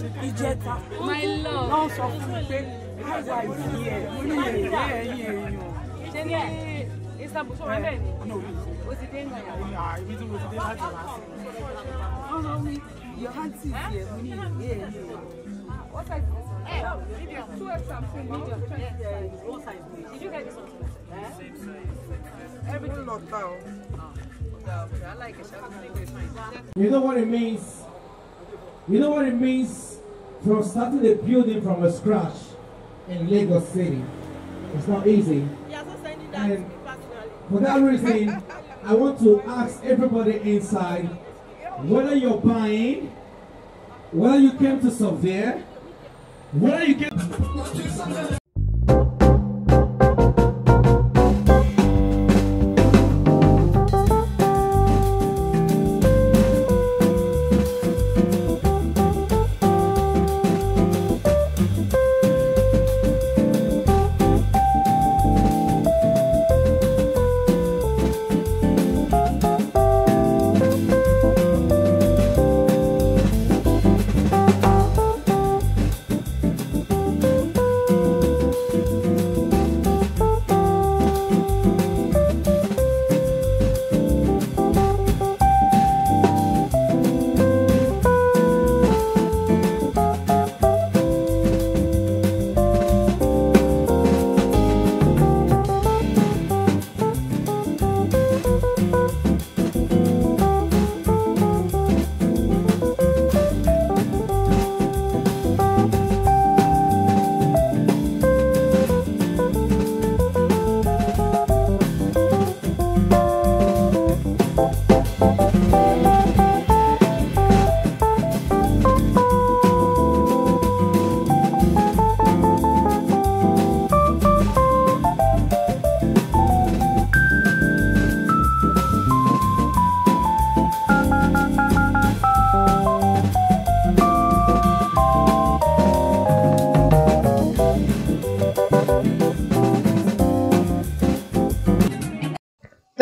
ìjẹta náà sọ fún mi pé àwa ìdí ẹ̀ ní ẹ̀yẹ ẹ̀yìn èèyàn. ṣé ní istanbul ṣọwọ́ bẹ́ẹ̀ ni o ti dé ìgbà. ibi tí mo ti dé láti wá sí. wọ́n sọ wí your aunty ti ẹ̀ ní ìdí ẹ̀ ní You know what it means You know what it means from starting a building from a scratch in Lagos City? It's not easy. Yeah, so sending that and For that reason, I want to ask everybody inside whether you're buying, whether you came to survey, whether you came